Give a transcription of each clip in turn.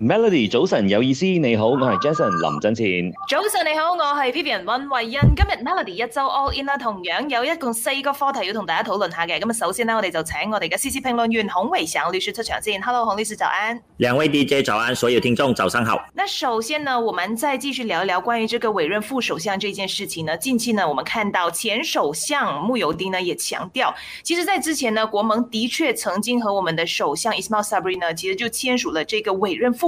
Melody，早晨有意思，你好，我係 Jason 林振前。早晨你好，我係 Vivian 溫慧欣。今日 Melody 一周 All In 啦，同樣有一共四個課題要同大家討論下嘅。咁首先呢，我哋就請我哋嘅 C C 評論員洪維祥律師出場先。Hello，洪律師早安。兩位 DJ 早安，所有聽眾早上好。那首先呢，我們再繼續聊一聊關於這個委任副首相這件事情呢。近期呢，我們看到前首相穆尤，尤丁呢，也強調，其實在之前呢，國盟的確曾經和我們的首相 Ismail Sabri 呢，其實就簽署了這個委任副。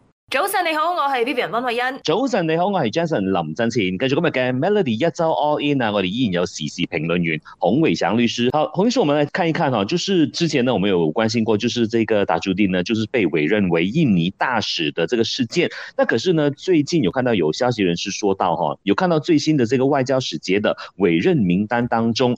早晨你好，我是 Vivian 溫慧欣。早晨你好，我是 Jason 林振前。繼續今日嘅 Melody 一周 All In 啊，我哋依然有 CC 評論員洪偉祥律師。好，洪律師，我們來看一看哈，就是之前呢，我們有關心過，就是這個打朱定呢，就是被委任為印尼大使的這個事件。那可是呢，最近有看到有消息人士說到哈，有看到最新的這個外交使節的委任名單當中。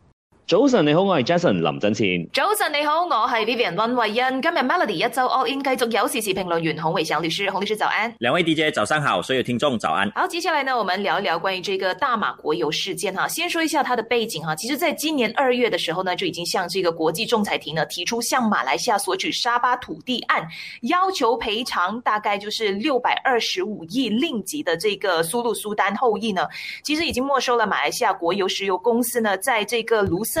早晨，你好，我係 Jason 林振前。早晨，你好，我係 Vivian 溫慧欣。今日 Melody 一周 All In 繼續有時事評論員洪偉祥律師，洪律師早安。兩位 DJ 早上好，所有聽眾早安。好，接下來呢，我們聊一聊關於這個大馬國油事件哈。先說一下它的背景哈。其實，在今年二月的時候呢，就已經向這個國際仲裁庭呢提出向馬來西亞索取沙巴土地案，要求賠償大概就是六百二十五億令吉的這個蘇祿蘇丹後裔呢，其實已經沒收了馬來西亞國油石油公司呢，在這個盧森。